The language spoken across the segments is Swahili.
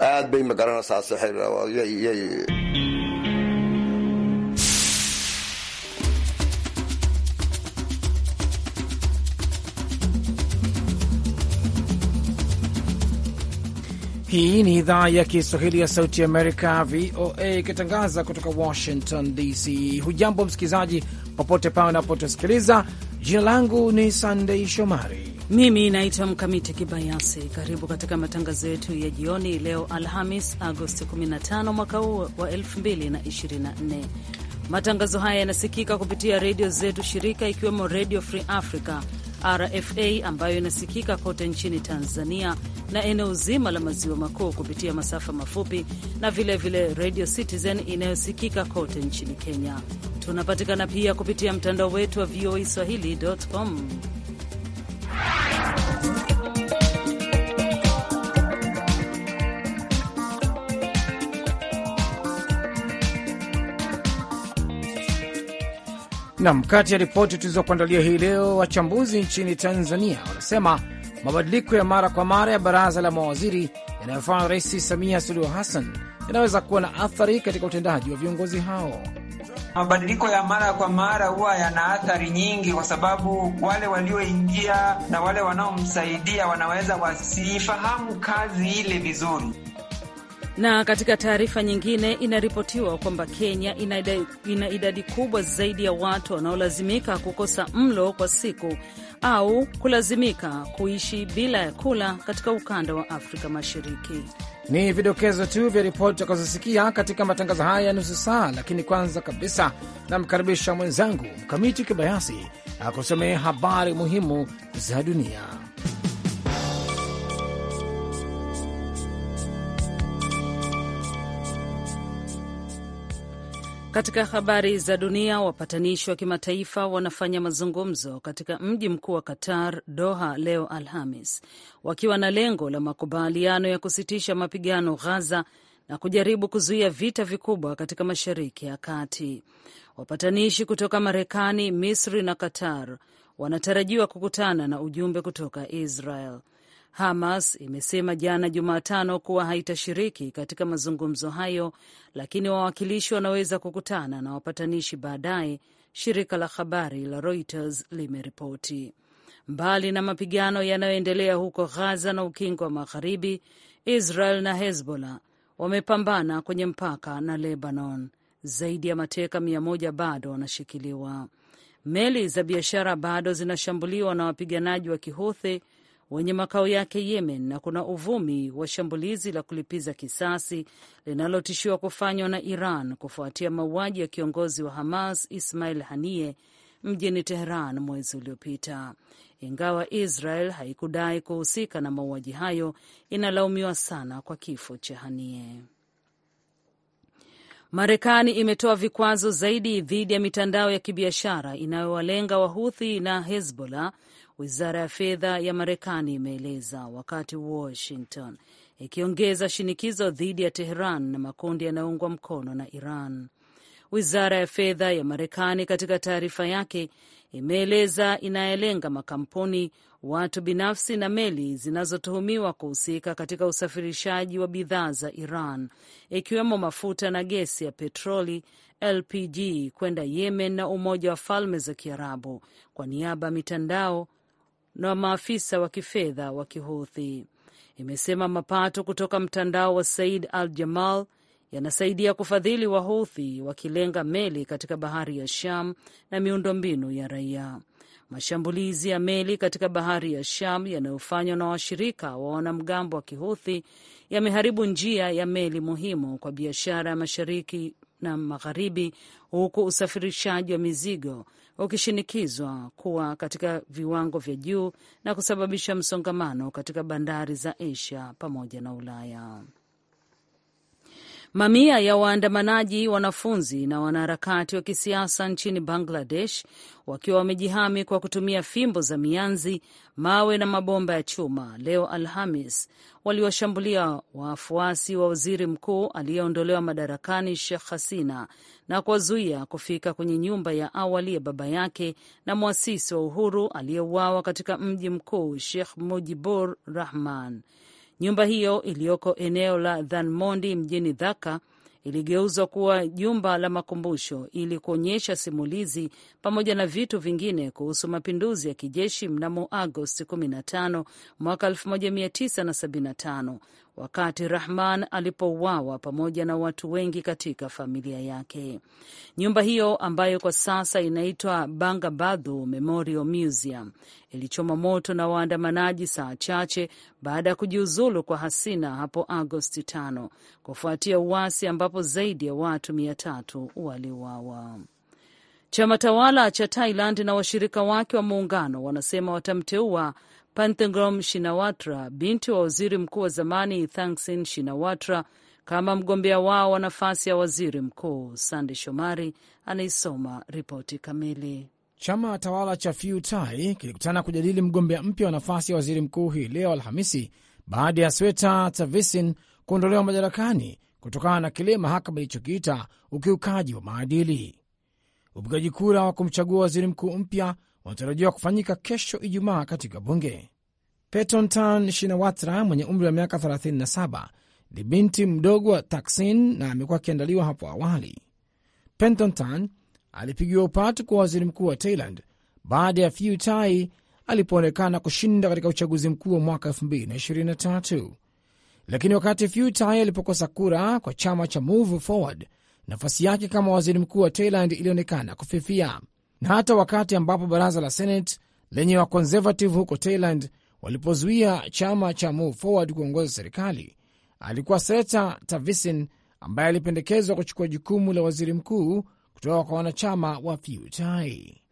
aad bay magaranaysaa Hii ni idhaa ya Kiswahili ya Sauti Amerika, VOA, ikitangaza kutoka Washington DC. Hujambo msikilizaji, popote pale unapotusikiliza. Jina langu ni Sandei Shomari mimi naitwa Mkamiti Kibayasi. Karibu katika matangazo yetu ya jioni leo Alhamis, Agosti 15 mwaka huu wa 2024. Matangazo haya yanasikika kupitia redio zetu shirika, ikiwemo Redio Free Africa RFA ambayo inasikika kote nchini Tanzania na eneo zima la maziwa makuu kupitia masafa mafupi na vilevile Radio Citizen inayosikika kote nchini Kenya. Tunapatikana pia kupitia mtandao wetu wa voa swahili.com. Nam, kati ya ripoti tulizokuandalia hii leo, wachambuzi nchini Tanzania wanasema mabadiliko ya mara kwa mara ya baraza la mawaziri yanayofanywa Rais Samia Suluhu Hassan yanaweza kuwa na athari katika utendaji wa viongozi hao. Mabadiliko ya mara kwa mara huwa yana athari nyingi, kwa sababu wale walioingia na wale wanaomsaidia wanaweza wasiifahamu kazi ile vizuri. Na katika taarifa nyingine, inaripotiwa kwamba Kenya ina idadi kubwa zaidi ya watu wanaolazimika kukosa mlo kwa siku au kulazimika kuishi bila ya kula katika ukanda wa Afrika Mashariki. Ni vidokezo tu vya ripoti utakazosikia katika matangazo haya ya nusu saa, lakini kwanza kabisa namkaribisha mwenzangu Mkamiti Kibayasi akusomee habari muhimu za dunia. Katika habari za dunia, wapatanishi wa kimataifa wanafanya mazungumzo katika mji mkuu wa Qatar, Doha, leo Alhamis, wakiwa na lengo la makubaliano ya kusitisha mapigano Ghaza na kujaribu kuzuia vita vikubwa katika Mashariki ya Kati. Wapatanishi kutoka Marekani, Misri na Qatar wanatarajiwa kukutana na ujumbe kutoka Israel. Hamas imesema jana Jumatano kuwa haitashiriki katika mazungumzo hayo, lakini wawakilishi wanaweza kukutana na wapatanishi baadaye, shirika la habari la Reuters limeripoti. Mbali na mapigano yanayoendelea huko Gaza na Ukingo wa Magharibi, Israel na Hezbollah wamepambana kwenye mpaka na Lebanon. Zaidi ya mateka mia moja bado wanashikiliwa. Meli za biashara bado zinashambuliwa na wapiganaji wa Kihuthi wenye makao yake Yemen, na kuna uvumi wa shambulizi la kulipiza kisasi linalotishiwa kufanywa na Iran kufuatia mauaji ya kiongozi wa Hamas Ismail hanie mjini Teheran mwezi uliopita. Ingawa Israel haikudai kuhusika na mauaji hayo, inalaumiwa sana kwa kifo cha hanie Marekani imetoa vikwazo zaidi dhidi ya mitandao ya kibiashara inayowalenga Wahuthi na Hezbollah wizara ya fedha ya Marekani imeeleza, wakati Washington ikiongeza shinikizo dhidi ya Teheran na makundi yanayoungwa mkono na Iran. Wizara ya fedha ya Marekani katika taarifa yake imeeleza inayalenga makampuni, watu binafsi na meli zinazotuhumiwa kuhusika katika usafirishaji wa bidhaa za Iran, ikiwemo mafuta na gesi ya petroli LPG kwenda Yemen na Umoja wa Falme za Kiarabu kwa niaba ya mitandao na maafisa wa kifedha wa kihuthi Imesema mapato kutoka mtandao wa Said al Jamal yanasaidia kufadhili wahuthi wakilenga meli katika bahari ya Sham na miundombinu ya raia. Mashambulizi ya meli katika bahari ya Sham yanayofanywa na washirika wa wanamgambo wa Kihuthi yameharibu njia ya meli muhimu kwa biashara ya mashariki na magharibi, huku usafirishaji wa mizigo ukishinikizwa kuwa katika viwango vya juu na kusababisha msongamano katika bandari za Asia pamoja na Ulaya. Mamia ya waandamanaji, wanafunzi na wanaharakati wa kisiasa nchini Bangladesh wakiwa wamejihami kwa kutumia fimbo za mianzi, mawe na mabomba ya chuma, leo Alhamis waliwashambulia wafuasi wa waziri mkuu aliyeondolewa madarakani Sheikh Hasina na kuwazuia kufika kwenye nyumba ya awali ya baba yake na mwasisi wa uhuru aliyeuawa katika mji mkuu Sheikh Mujibur Rahman. Nyumba hiyo iliyoko eneo la Dhanmondi mjini Dhaka iligeuzwa kuwa jumba la makumbusho ili kuonyesha simulizi pamoja na vitu vingine kuhusu mapinduzi ya kijeshi mnamo Agosti 15 mwaka 1975 wakati Rahman alipouawa pamoja na watu wengi katika familia yake. Nyumba hiyo ambayo kwa sasa inaitwa Bangabadhu Memorial Museum ilichoma moto na waandamanaji saa chache baada ya kujiuzulu kwa Hasina hapo Agosti tano kufuatia uasi ambapo zaidi ya watu mia tatu waliuawa. Chama tawala cha Thailand na washirika wake wa muungano wanasema watamteua Panthegrom Shinawatra, binti wa waziri mkuu wa zamani Thaksin Shinawatra, kama mgombea wao wa nafasi ya waziri mkuu. Sande Shomari anaisoma ripoti kamili. Chama tawala cha futai kilikutana kujadili mgombea mpya wa nafasi ya waziri mkuu hii leo Alhamisi baada ya Sweta Tavisin kuondolewa madarakani kutokana na kile mahakama ilichokiita ukiukaji wa maadili. Upigaji kura wa kumchagua waziri mkuu mpya unatarajiwa kufanyika kesho Ijumaa katika bunge. Tan Shinawatra mwenye umri wa miaka 37 ni binti mdogo wa Taksin na amekuwa akiandaliwa hapo awali. Tan alipigiwa upatu kwa waziri mkuu wa Thailand baada ya Pheu Thai alipoonekana kushinda katika uchaguzi mkuu wa mwaka 2023 lakini wakati Pheu Thai alipokosa kura kwa chama cha Move Forward, nafasi yake kama waziri mkuu wa Thailand ilionekana kufifia na hata wakati ambapo baraza la Senate lenye wakonservative huko Thailand walipozuia chama cha Move Forward kuongoza serikali, alikuwa seneta Tavisin ambaye alipendekezwa kuchukua jukumu la waziri mkuu kutoka kwa wanachama wa futai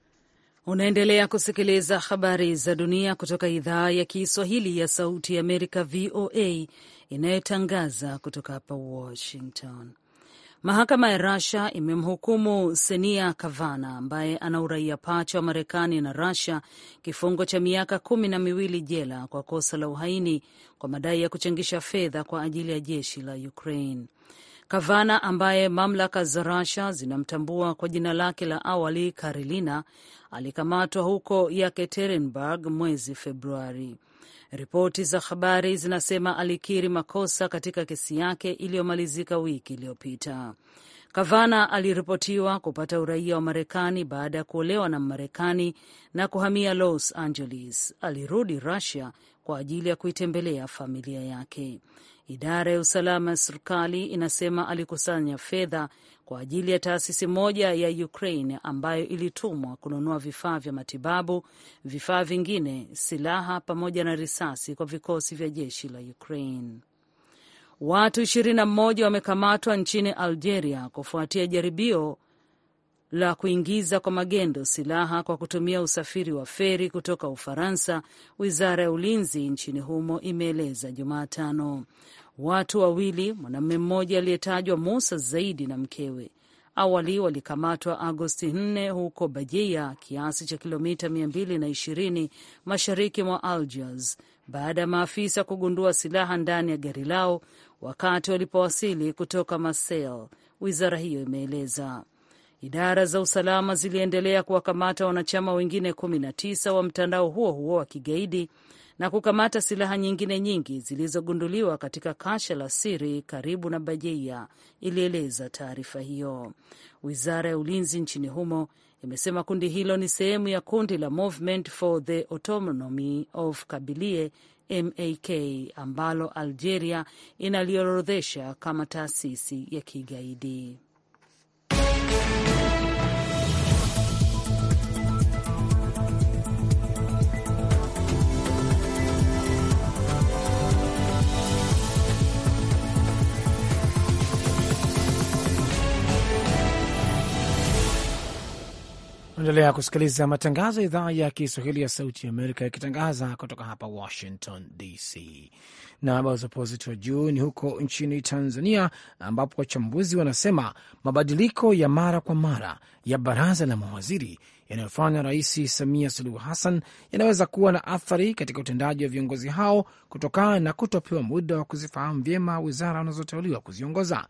Unaendelea kusikiliza habari za dunia kutoka idhaa ya Kiswahili ya Sauti ya Amerika, VOA, inayotangaza kutoka hapa Washington. Mahakama ya rasha imemhukumu Senia Kavana ambaye ana uraia pacha wa Marekani na rasha kifungo cha miaka kumi na miwili jela kwa kosa la uhaini kwa madai ya kuchangisha fedha kwa ajili ya jeshi la Ukraine. Kavana ambaye mamlaka za rasha zinamtambua kwa jina lake la awali Karilina alikamatwa huko Yekaterinburg mwezi Februari. Ripoti za habari zinasema alikiri makosa katika kesi yake iliyomalizika wiki iliyopita. Kavana aliripotiwa kupata uraia wa Marekani baada ya kuolewa na marekani na kuhamia Los Angeles. Alirudi Russia kwa ajili ya kuitembelea familia yake. Idara ya usalama ya serikali inasema alikusanya fedha kwa ajili ya taasisi moja ya Ukraine ambayo ilitumwa kununua vifaa vya matibabu, vifaa vingine, silaha pamoja na risasi kwa vikosi vya jeshi la Ukraine. Watu 21 wamekamatwa nchini Algeria kufuatia jaribio la kuingiza kwa magendo silaha kwa kutumia usafiri wa feri kutoka Ufaransa, wizara ya ulinzi nchini humo imeeleza Jumatano. Watu wawili, mwanamume mmoja aliyetajwa Musa Zaidi na mkewe, awali walikamatwa Agosti 4 huko Bajeya, kiasi cha kilomita 220 mashariki mwa Algiers, baada ya maafisa kugundua silaha ndani ya gari lao wakati walipowasili kutoka Marseille, wizara hiyo imeeleza. Idara za usalama ziliendelea kuwakamata wanachama wengine 19 wa mtandao huo huo wa kigaidi na kukamata silaha nyingine nyingi zilizogunduliwa katika kasha la siri karibu na Bajeia, ilieleza taarifa hiyo. Wizara ya ulinzi nchini humo imesema kundi hilo ni sehemu ya kundi la Movement for the Autonomy of Kabilie, MAK ambalo Algeria inaliorodhesha kama taasisi ya kigaidi. Unaendelea kusikiliza matangazo ya idhaa ya Kiswahili ya Sauti ya Amerika yakitangaza kutoka hapa Washington DC. Na habari za uzito wa juu ni huko nchini Tanzania, ambapo wachambuzi wanasema mabadiliko ya mara kwa mara ya baraza la mawaziri yanayofanya Rais Samia Suluhu Hassan yanaweza kuwa na athari katika utendaji wa viongozi hao kutokana na kutopewa muda wa kuzifahamu vyema wizara wanazoteuliwa kuziongoza.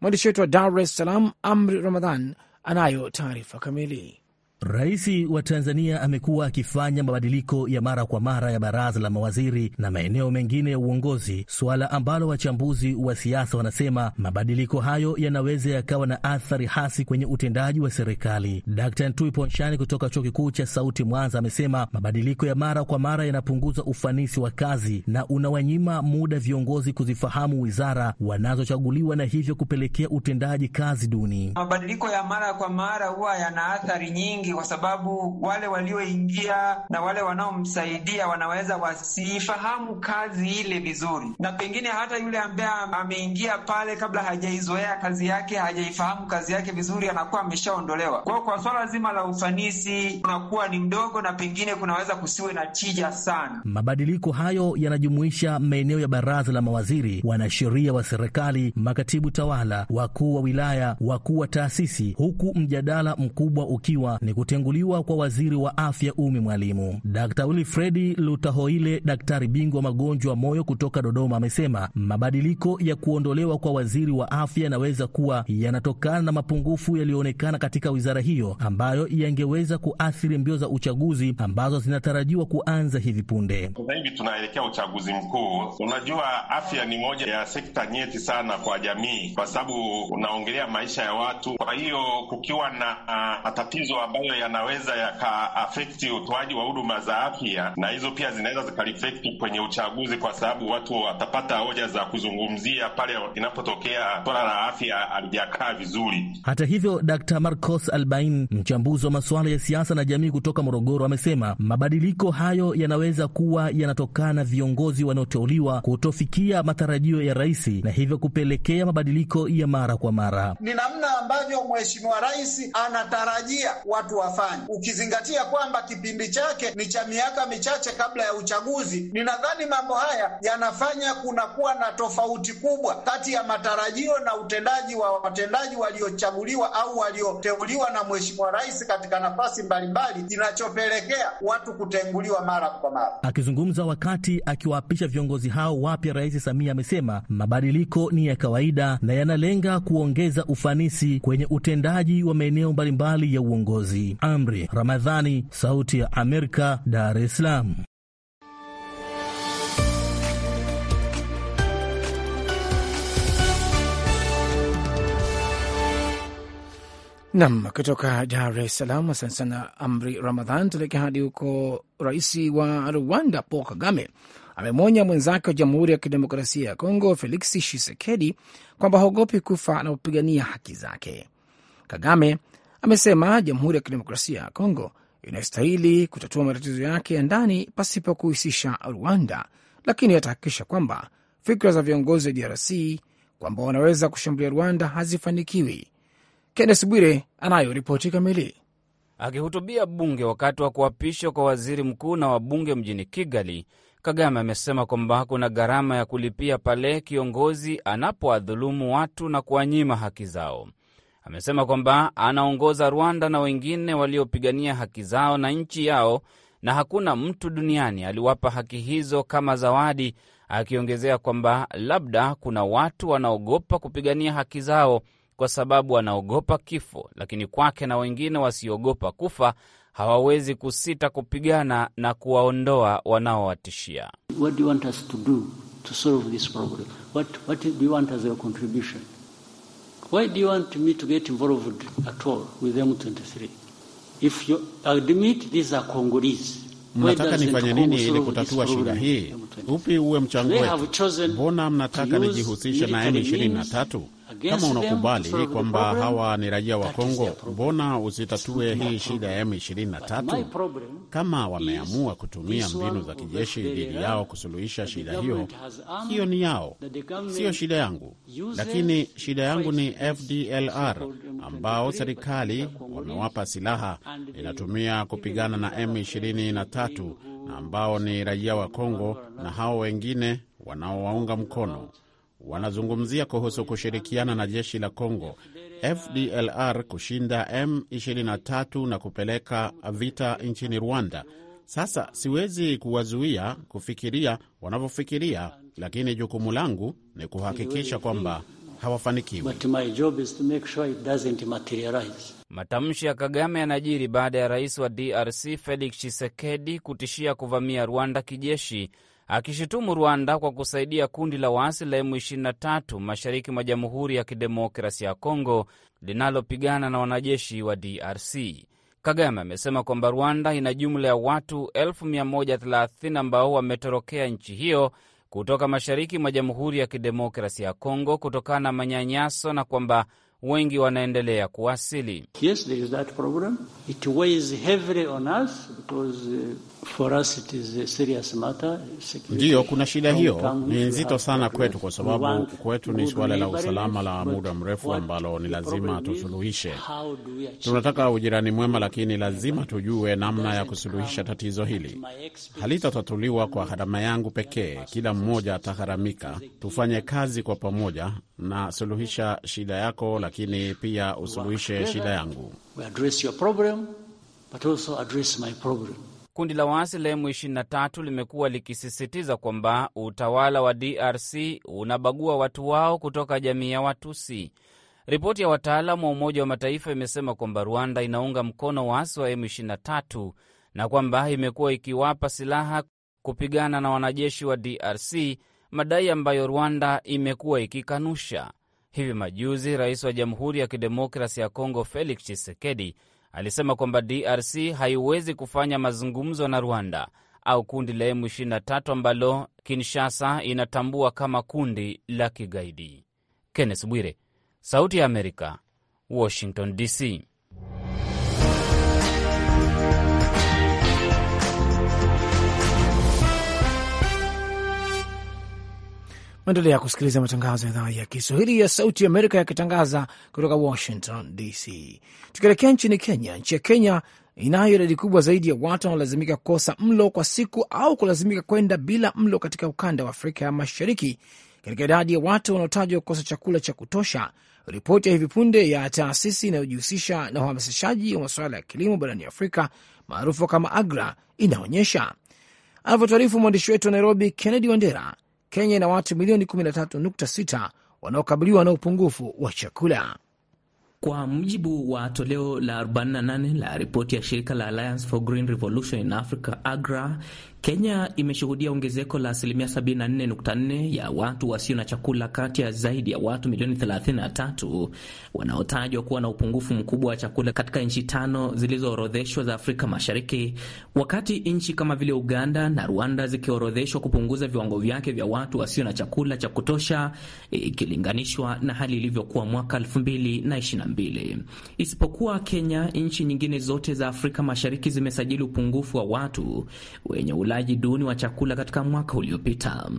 Mwandishi wetu wa Dar es Salaam, Amri Ramadhan, anayo taarifa kamili. Rais wa Tanzania amekuwa akifanya mabadiliko ya mara kwa mara ya baraza la mawaziri na maeneo mengine ya uongozi, suala ambalo wachambuzi wa siasa wanasema mabadiliko hayo yanaweza yakawa na athari hasi kwenye utendaji wa serikali. Dkt Ntui Ponshani kutoka Chuo Kikuu cha Sauti Mwanza amesema mabadiliko ya mara kwa mara yanapunguza ufanisi wa kazi na unawanyima muda viongozi kuzifahamu wizara wanazochaguliwa na hivyo kupelekea utendaji kazi duni. Mabadiliko ya mara kwa mara huwa yana athari nyingi kwa sababu wale walioingia na wale wanaomsaidia wanaweza wasiifahamu kazi ile vizuri, na pengine hata yule ambaye ameingia pale kabla hajaizoea kazi yake, hajaifahamu kazi yake vizuri, anakuwa ameshaondolewa kwao. Kwa swala zima la ufanisi unakuwa ni mdogo, na pengine kunaweza kusiwe na tija sana. Mabadiliko hayo yanajumuisha maeneo ya baraza la mawaziri, wanasheria wa serikali, makatibu tawala, wakuu wa wilaya, wakuu wa taasisi, huku mjadala mkubwa ukiwa ni kutenguliwa kwa waziri wa afya Umi Mwalimu. Dkt Wilfredi Lutahoile, daktari bingwa magonjwa moyo kutoka Dodoma, amesema mabadiliko ya kuondolewa kwa waziri wa afya yanaweza kuwa yanatokana na mapungufu yaliyoonekana katika wizara hiyo ambayo yangeweza kuathiri mbio za uchaguzi ambazo zinatarajiwa kuanza hivi punde. Sasa hivi tunaelekea uchaguzi mkuu. Unajua, afya ni moja ya sekta nyeti sana kwa jamii, kwa sababu unaongelea maisha ya watu. Kwa hiyo kukiwa na ah, matatizo ambayo ambayo yanaweza yakaafekti utoaji wa huduma za afya, na hizo pia zinaweza zikarifekti kwenye uchaguzi, kwa sababu watu watapata hoja za kuzungumzia pale inapotokea swala la afya alijakaa vizuri. Hata hivyo, Dkt. Marcos Albain, mchambuzi wa masuala ya siasa na jamii kutoka Morogoro, amesema mabadiliko hayo yanaweza kuwa yanatokana viongozi wanaoteuliwa kutofikia matarajio ya rais na hivyo kupelekea mabadiliko ya mara kwa mara. Ni namna ambavyo mheshimiwa rais anatarajia watu kuwafanya. Ukizingatia kwamba kipindi chake ni cha miaka michache kabla ya uchaguzi, ninadhani mambo haya yanafanya kunakuwa na tofauti kubwa kati ya matarajio na utendaji wa watendaji waliochaguliwa au walioteuliwa na mheshimiwa rais katika nafasi mbalimbali, kinachopelekea watu kutenguliwa mara kwa mara. Akizungumza wakati akiwaapisha viongozi hao wapya, Rais Samia amesema mabadiliko ni ya kawaida na yanalenga kuongeza ufanisi kwenye utendaji wa maeneo mbalimbali ya uongozi. Amri Ramadhani, Sauti ya Amerika, Dar es Salaam. Nam kutoka Dar es Salaam. Asante sana Amri Ramadhan. Tuelekea hadi huko. Rais wa Rwanda Paul Kagame amemwonya mwenzake wa Jamhuri ya Kidemokrasia ya Kongo Feliksi Shisekedi kwamba haogopi kufa anapopigania haki zake. Kagame Amesema Jamhuri ya Kidemokrasia ya Kongo inastahili kutatua matatizo yake ya ndani pasipo kuhusisha Rwanda, lakini atahakikisha kwamba fikra za viongozi wa DRC kwamba wanaweza kushambulia Rwanda hazifanikiwi. Kennes Bwire anayo ripoti kamili. Akihutubia bunge wakati wa kuapishwa kwa waziri mkuu na wabunge mjini Kigali, Kagame amesema kwamba kuna gharama ya kulipia pale kiongozi anapowadhulumu watu na kuwanyima haki zao amesema kwamba anaongoza Rwanda na wengine waliopigania haki zao na nchi yao, na hakuna mtu duniani aliwapa haki hizo kama zawadi, akiongezea kwamba labda kuna watu wanaogopa kupigania haki zao kwa sababu wanaogopa kifo, lakini kwake na wengine wasiogopa kufa hawawezi kusita kupigana na kuwaondoa wanaowatishia. What do you want us to do to solve this problem? What, what do you want as your contribution? Why do you want me to get involved at all with M23? If you admit these are Congolese, mnataka nifanye nini ili kutatua shida hii? Upi uwe mchango wetu? Mbona mnataka nijihusishe na M23? Kama unakubali kwamba hawa ni raia wa Kongo, mbona usitatue hii shida ya M23? Kama wameamua kutumia mbinu za kijeshi dhidi yao kusuluhisha shida hiyo, hiyo ni yao, siyo shida yangu. Lakini shida yangu ni FDLR ambao serikali wamewapa silaha inatumia kupigana na M23 na ambao ni raia wa Kongo na hao wengine wanaowaunga mkono wanazungumzia kuhusu kushirikiana na jeshi la congo FDLR kushinda M23 na kupeleka vita nchini Rwanda. Sasa siwezi kuwazuia kufikiria wanavyofikiria, lakini jukumu langu ni kuhakikisha kwamba hawafanikiwi. Matamshi ya Kagame yanajiri baada ya rais wa DRC Felix Tshisekedi kutishia kuvamia Rwanda kijeshi akishutumu Rwanda kwa kusaidia kundi la waasi la M23 mashariki mwa Jamhuri ya Kidemokrasia ya Kongo linalopigana na wanajeshi wa DRC. Kagame amesema kwamba Rwanda ina jumla ya watu 130 ambao wametorokea nchi hiyo kutoka mashariki mwa Jamhuri ya Kidemokrasia ya Kongo kutokana na manyanyaso na kwamba wengi wanaendelea kuwasili. Yes, Ndiyo, kuna shida hiyo, ni nzito sana kwetu, kwa sababu kwetu ni suala la usalama la muda mrefu ambalo ni lazima tusuluhishe. Tunataka ujirani mwema, lakini lazima tujue namna ya kusuluhisha tatizo hili. Halitatatuliwa kwa gharama yangu pekee, kila mmoja atagharamika. Tufanye kazi kwa pamoja na suluhisha shida yako, lakini pia usuluhishe shida yangu. We address your problem, but also address my problem. Kundi la waasi la M23 limekuwa likisisitiza kwamba utawala wa DRC unabagua watu wao kutoka jamii ya Watusi. Ripoti ya wataalam wa Umoja wa Mataifa imesema kwamba Rwanda inaunga mkono waasi wa M23 na kwamba imekuwa ikiwapa silaha kupigana na wanajeshi wa DRC, madai ambayo Rwanda imekuwa ikikanusha. Hivi majuzi, rais wa Jamhuri ya Kidemokrasi ya Kongo Felix Tshisekedi alisema kwamba DRC haiwezi kufanya mazungumzo na Rwanda au kundi la M23 ambalo Kinshasa inatambua kama kundi la kigaidi. Kenneth Bwire, Sauti ya Amerika, Washington DC. Maendelea kusikiliza matangazo ya idhaa ya Kiswahili ya Sauti ya Amerika yakitangaza kutoka Washington DC. Tukielekea nchini Kenya, nchi ya Kenya inayo idadi kubwa zaidi ya watu wanaolazimika kukosa mlo kwa siku au kulazimika kwenda bila mlo katika ukanda wa Afrika ya Mashariki, katika idadi ya watu wanaotajwa kukosa chakula cha kutosha. Ripoti ya hivi punde ya taasisi inayojihusisha na uhamasishaji wa masuala ya kilimo barani Afrika maarufu kama AGRA inaonyesha, anavyotuarifu mwandishi wetu wa Nairobi, Kennedy Wandera. Kenya ina watu milioni 13.6 wanaokabiliwa na upungufu wa chakula. Kwa mujibu wa toleo la 48 la ripoti ya shirika la Alliance for Green Revolution in Africa AGRA, Kenya imeshuhudia ongezeko la asilimia 74.4 ya watu wasio na chakula kati ya zaidi ya watu milioni 33 wanaotajwa kuwa na upungufu mkubwa wa chakula katika nchi tano zilizoorodheshwa za Afrika Mashariki, wakati nchi kama vile Uganda na Rwanda zikiorodheshwa kupunguza viwango vyake vya watu wasio na chakula cha kutosha ikilinganishwa na hali ilivyokuwa mwaka 2022 mbili. Isipokuwa Kenya, nchi nyingine zote za Afrika Mashariki zimesajili upungufu wa watu wenye ulaji duni wa chakula katika mwaka uliopita.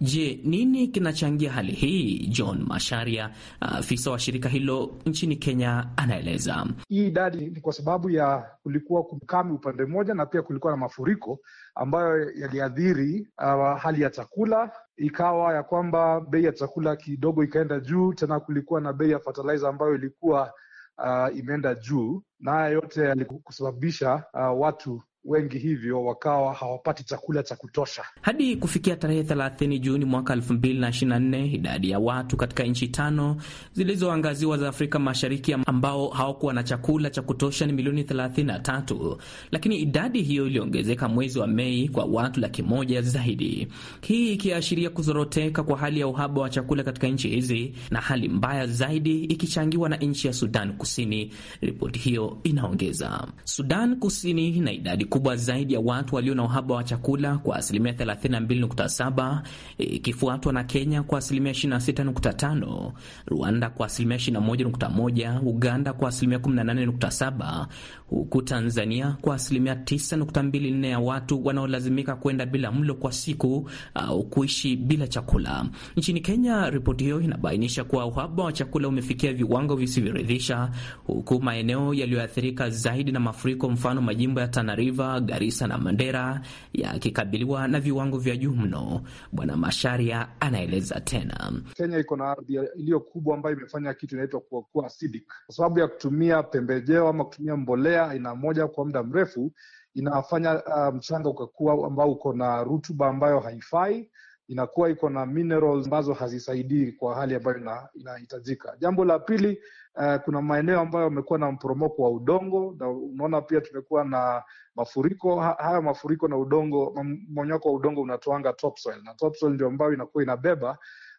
Je, nini kinachangia hali hii? John Masharia, afisa wa shirika hilo nchini Kenya, anaeleza. Hii idadi ni kwa sababu ya kulikuwa ukame upande mmoja na pia kulikuwa na mafuriko ambayo yaliathiri uh, hali ya chakula ikawa ya kwamba bei ya chakula kidogo ikaenda juu. Tena kulikuwa na bei ya fertilizer ambayo ilikuwa uh, imeenda juu, na haya yote yalikusababisha uh, watu wengi hivyo wakawa hawapati chakula cha kutosha. Hadi kufikia tarehe 30 Juni mwaka 2024 idadi ya watu katika nchi tano zilizoangaziwa za Afrika Mashariki ambao hawakuwa na chakula cha kutosha ni milioni 33, lakini idadi hiyo iliongezeka mwezi wa Mei kwa watu laki moja zaidi, hii ikiashiria kuzoroteka kwa hali ya uhaba wa chakula katika nchi hizi, na hali mbaya zaidi ikichangiwa na nchi ya Sudan Kusini. Ripoti hiyo inaongeza Sudan Kusini na idadi kubwa zaidi ya watu walio na uhaba wa chakula kwa asilimia 32.7, e, ikifuatwa na Kenya kwa asilimia 26.5, Rwanda kwa asilimia 21.1, Uganda kwa asilimia 18.7, huku Tanzania kwa asilimia 9.24 ya watu wanaolazimika kwenda bila mlo kwa siku au kuishi bila chakula. Nchini Kenya, ripoti hiyo inabainisha kuwa uhaba wa chakula umefikia viwango visivyoridhisha, huku maeneo yaliyoathirika zaidi na mafuriko, mfano majimbo ya Tana River Zanzibar, Garissa na Mandera yakikabiliwa na viwango vya juu mno. Bwana Masharia anaeleza tena. Kenya iko na ardhi iliyo kubwa ambayo imefanya kitu inaitwa kuwa acidic kwa sababu ya kutumia pembejeo ama kutumia mbolea aina moja kwa muda mrefu inafanya uh, mchanga um, ukakuwa ambao uko na rutuba ambayo haifai inakuwa iko na minerals ambazo hazisaidii kwa hali ambayo inahitajika. Jambo la pili, uh, kuna maeneo ambayo yamekuwa na mporomoko wa udongo, na unaona pia tumekuwa na mafuriko. Haya mafuriko na udongo, mmonyoko wa udongo unatoanga topsoil, na topsoil ndio ambayo inakuwa inabeba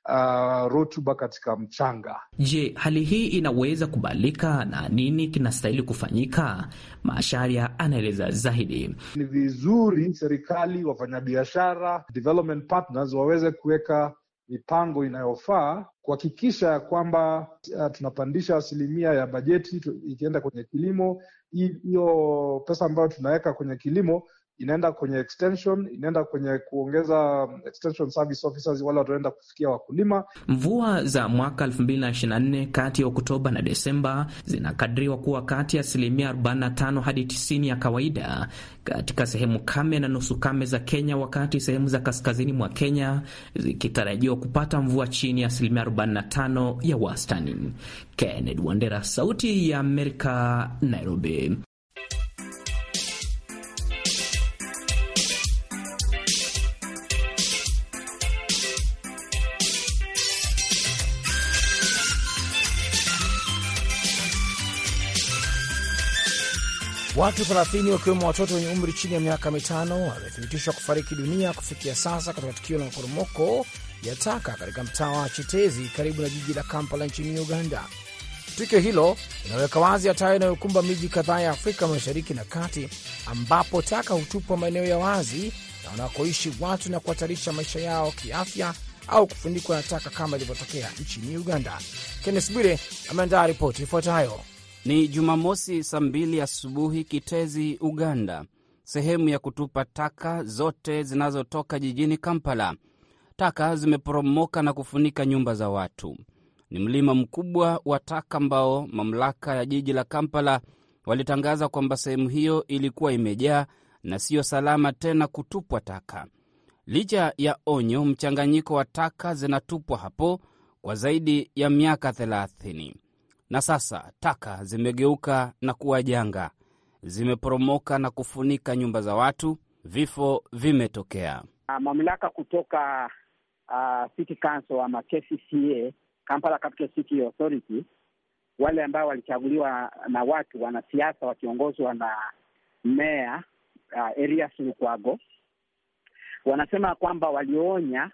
uh, rutuba katika mchanga. Je, hali hii inaweza kubalika na nini kinastahili kufanyika? Masharia anaeleza zaidi. Ni vizuri serikali, wafanyabiashara, development partners waweze kuweka mipango inayofaa kuhakikisha ya kwamba uh, tunapandisha asilimia ya bajeti ikienda kwenye kilimo. Hiyo pesa ambayo tunaweka kwenye kilimo inaenda kwenye extension, inaenda kwenye kuongeza extension service officers, wale wataenda kufikia wakulima. Mvua za mwaka 2024 kati ya Oktoba na Desemba zinakadiriwa kuwa kati ya asilimia 45 hadi 90 ya kawaida katika sehemu kame na nusu kame za Kenya, wakati sehemu za kaskazini mwa Kenya zikitarajiwa kupata mvua chini ya asilimia 45 ya wastani. Kennedy Wandera, Sauti ya Amerika, Nairobi. Watu 30 wakiwemo watoto wenye umri chini ya miaka mitano wamethibitishwa kufariki dunia kufikia sasa katika tukio la maporomoko ya taka katika mtaa wa Chetezi karibu na jiji la Kampala nchini Uganda. Tukio hilo linaweka wazi hatari inayokumba miji kadhaa ya Afrika Mashariki na Kati, ambapo taka hutupwa maeneo ya wazi na wanakoishi watu na kuhatarisha maisha yao kiafya au kufunikwa na taka kama ilivyotokea nchini Uganda. Kennes Bwire ameandaa ripoti ifuatayo. Ni Jumamosi saa mbili asubuhi Kitezi, Uganda, sehemu ya kutupa taka zote zinazotoka jijini Kampala. Taka zimeporomoka na kufunika nyumba za watu. Ni mlima mkubwa wa taka ambao mamlaka ya jiji la Kampala walitangaza kwamba sehemu hiyo ilikuwa imejaa na siyo salama tena kutupwa taka. Licha ya onyo, mchanganyiko wa taka zinatupwa hapo kwa zaidi ya miaka thelathini na sasa taka zimegeuka na kuwa janga, zimeporomoka na kufunika nyumba za watu, vifo vimetokea. Ah, mamlaka kutoka uh, City Council ama KCCA, Kampala Capital City Authority, wale ambao walichaguliwa na watu wanasiasa wakiongozwa na meya uh, Erias Lukwago wanasema kwamba walionya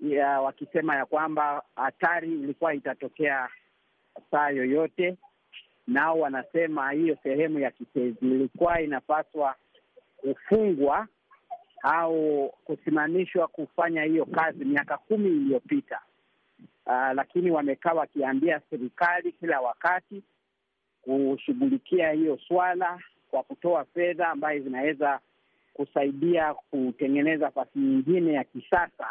ya, wakisema ya kwamba hatari ilikuwa itatokea saa yoyote. Nao wanasema hiyo sehemu ya Kitezi ilikuwa inapaswa kufungwa au kusimamishwa kufanya hiyo kazi miaka kumi iliyopita. Uh, lakini wamekaa wakiambia serikali kila wakati kushughulikia hiyo swala kwa kutoa fedha ambayo zinaweza kusaidia kutengeneza fasi nyingine ya kisasa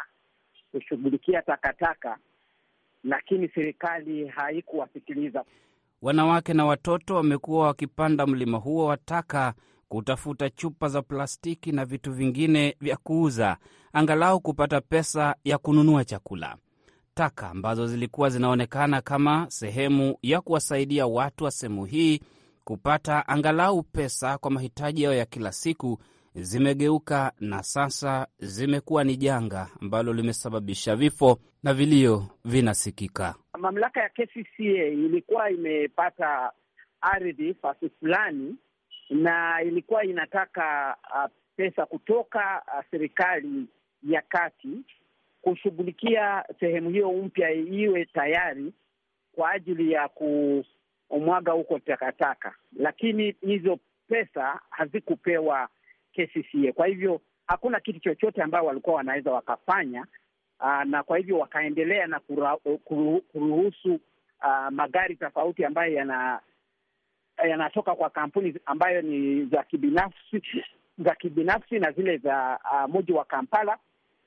kushughulikia takataka lakini serikali haikuwasikiliza. Wanawake na watoto wamekuwa wakipanda mlima huo wa taka kutafuta chupa za plastiki na vitu vingine vya kuuza, angalau kupata pesa ya kununua chakula. Taka ambazo zilikuwa zinaonekana kama sehemu ya kuwasaidia watu wa sehemu hii kupata angalau pesa kwa mahitaji yao ya kila siku zimegeuka na sasa zimekuwa ni janga ambalo limesababisha vifo na vilio vinasikika. Mamlaka ya KCCA ilikuwa imepata ardhi fasi fulani na ilikuwa inataka uh, pesa kutoka uh, serikali ya kati kushughulikia sehemu hiyo mpya iwe tayari kwa ajili ya kumwaga huko takataka, lakini hizo pesa hazikupewa KCCA. Kwa hivyo hakuna kitu chochote ambayo walikuwa wanaweza wakafanya, uh, na kwa hivyo wakaendelea na kura, kuru, kuruhusu uh, magari tofauti ambayo yana yanatoka kwa kampuni ambayo ni za kibinafsi za kibinafsi na zile za uh, ah, mji wa Kampala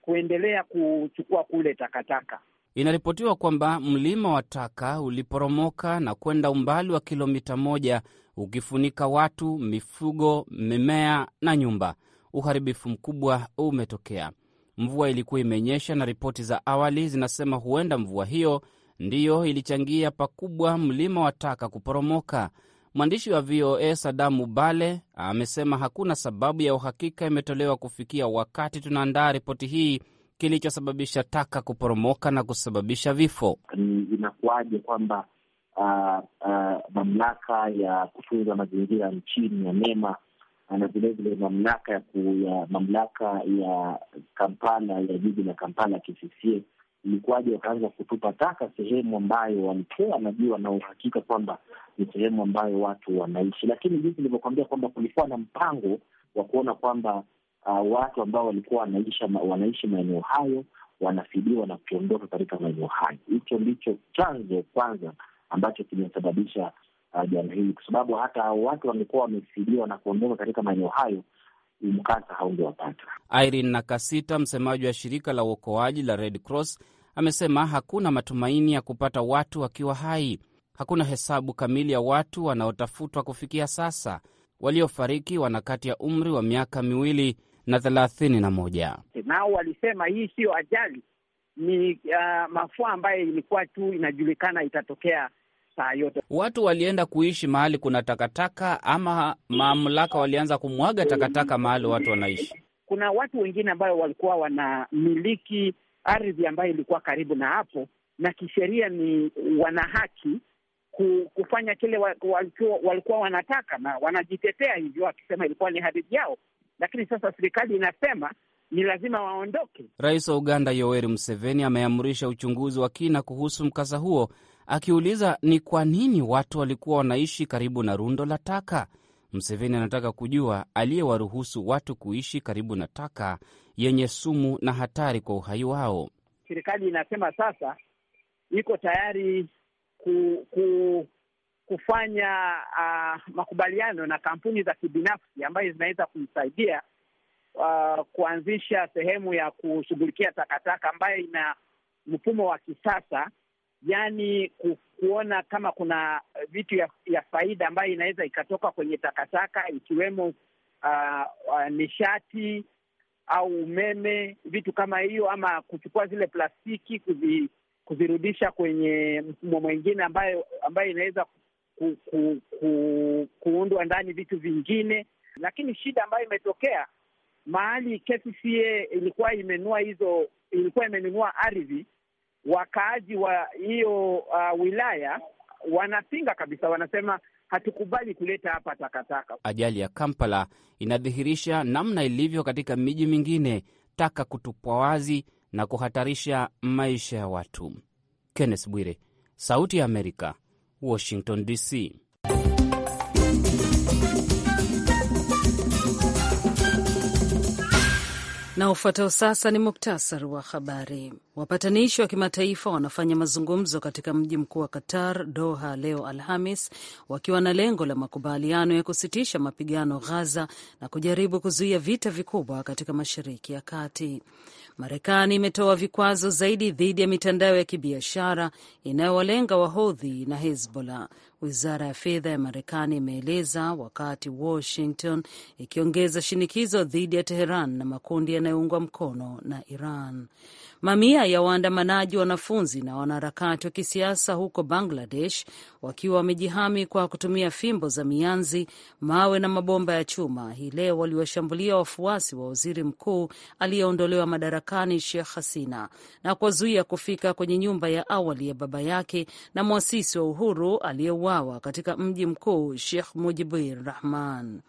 kuendelea kuchukua kule takataka. Inaripotiwa kwamba mlima wa taka uliporomoka na kwenda umbali wa kilomita moja ukifunika watu, mifugo, mimea na nyumba. Uharibifu mkubwa umetokea. Mvua ilikuwa imenyesha na ripoti za awali zinasema huenda mvua hiyo ndiyo ilichangia pakubwa mlima wa taka kuporomoka. Mwandishi wa VOA Sadamu Bale amesema hakuna sababu ya uhakika imetolewa kufikia wakati tunaandaa ripoti hii kilichosababisha taka kuporomoka na kusababisha vifo. Inakuwaje kwamba uh, uh, mamlaka ya kutunza mazingira nchini ya NEMA ah, na vilevile mamlaka ya mamlaka ya Kampala ya jiji la Kampala KCCA ilikuwaje wakaanza kutupa taka sehemu ambayo walikuwa wanajua na uhakika kwamba ni sehemu ambayo watu wanaishi, lakini jinsi ilivyokuambia kwamba kulikuwa na mpango wa kuona kwamba uh, watu ambao walikuwa wanaishi maeneo hayo wanafidiwa na kuondoka katika maeneo hayo. Hicho ndicho chanzo kwanza ambacho kimesababisha ah, janga uh, hili, kwa sababu hata hao watu wamekuwa wamefidiwa na kuondoka katika maeneo hayo mkasa haungewapata. Irene Nakasita, msemaji wa shirika la uokoaji la Red Cross, amesema hakuna matumaini ya kupata watu wakiwa hai. Hakuna hesabu kamili ya watu wanaotafutwa kufikia sasa. Waliofariki wana kati ya umri wa miaka miwili na thelathini na moja. Nao walisema hii siyo ajali, ni uh, mafua ambayo ilikuwa tu inajulikana itatokea saa yote. Watu walienda kuishi mahali kuna takataka, ama mamlaka walianza kumwaga takataka mahali watu wanaishi. Kuna watu wengine ambayo walikuwa wanamiliki ardhi ambayo ilikuwa karibu na hapo, na kisheria ni wana haki kufanya kile walikuwa wanataka na wanajitetea hivyo, wakisema ilikuwa ni ardhi yao, lakini sasa serikali inasema ni lazima waondoke. Rais wa Uganda Yoweri Museveni ameamrisha uchunguzi wa kina kuhusu mkasa huo, akiuliza ni kwa nini watu walikuwa wanaishi karibu na rundo la taka. Museveni anataka kujua aliyewaruhusu watu kuishi karibu na taka yenye sumu na hatari kwa uhai wao. Serikali inasema sasa iko tayari ku, ku kufanya uh, makubaliano na kampuni za kibinafsi ambayo zinaweza kumsaidia uh, kuanzisha sehemu ya kushughulikia takataka ambayo ina mfumo wa kisasa, yaani kuona kama kuna vitu ya, ya faida ambayo inaweza ikatoka kwenye takataka ikiwemo uh, uh, nishati au umeme, vitu kama hiyo, ama kuchukua zile plastiki kuzi, kuzirudisha kwenye mfumo mwingine ambayo ambayo inaweza ku, ku, ku, kuundwa ndani vitu vingine, lakini shida ambayo imetokea mahali KCCA ilikuwa imenua hizo, ilikuwa imenunua ardhi, wakaaji wa hiyo uh, wilaya wanapinga kabisa, wanasema hatukubali kuleta hapa takataka. Ajali ya Kampala inadhihirisha namna ilivyo katika miji mingine, taka kutupwa wazi na kuhatarisha maisha ya watu. Kenneth Bwire, Sauti ya Amerika, Washington DC. Na ufuatao sasa ni muktasari wa habari. Wapatanishi wa kimataifa wanafanya mazungumzo katika mji mkuu wa Qatar, Doha, leo Alhamis, wakiwa na lengo la makubaliano ya kusitisha mapigano Ghaza na kujaribu kuzuia vita vikubwa katika Mashariki ya Kati. Marekani imetoa vikwazo zaidi dhidi ya mitandao ya kibiashara inayowalenga Wahodhi na Hezbollah wizara ya fedha ya Marekani imeeleza, wakati Washington ikiongeza shinikizo dhidi ya Teheran na makundi yanayoungwa mkono na Iran. Mamia ya waandamanaji, wanafunzi na wanaharakati wa kisiasa huko Bangladesh wakiwa wamejihami kwa kutumia fimbo za mianzi, mawe na mabomba ya chuma, hii leo waliwashambulia wafuasi wa waziri mkuu aliyeondolewa madarakani Sheikh Hasina na kuwazuia kufika kwenye nyumba ya awali ya baba yake na mwasisi wa uhuru aliyeu kuuawa katika mji mkuu Sheikh Mujibur Rahman.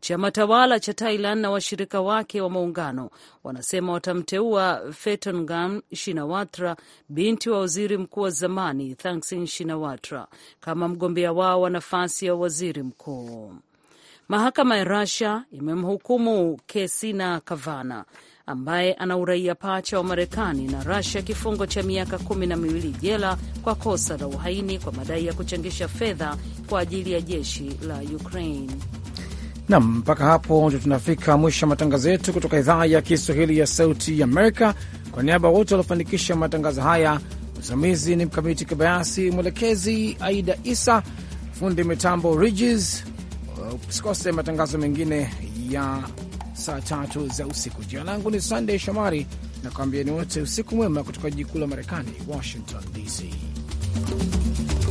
Chama tawala cha Thailand na washirika wake wa muungano wanasema watamteua Fetongam Shinawatra, binti wa waziri mkuu wa zamani Thaksin Shinawatra, kama mgombea wao wa nafasi ya waziri mkuu. Mahakama ya rasia imemhukumu Kesina Kavana ambaye ana uraia pacha wa Marekani na Rasia kifungo cha miaka kumi na miwili jela kwa kosa la uhaini kwa madai ya kuchangisha fedha kwa ajili ya jeshi la Ukraine. Nam, mpaka hapo ndio tunafika mwisho wa matangazo yetu kutoka idhaa ya Kiswahili ya Sauti Amerika. Kwa niaba ya wote waliofanikisha matangazo haya, msimamizi ni Mkamiti Kibayasi, mwelekezi Aida Isa, fundi mitambo Ridges. Usikose matangazo mengine ya saa tatu za usiku. Jina langu ni Sandey Shomari na ni wote usiku mwema kutoka jiji kuu la Marekani, Washington DC.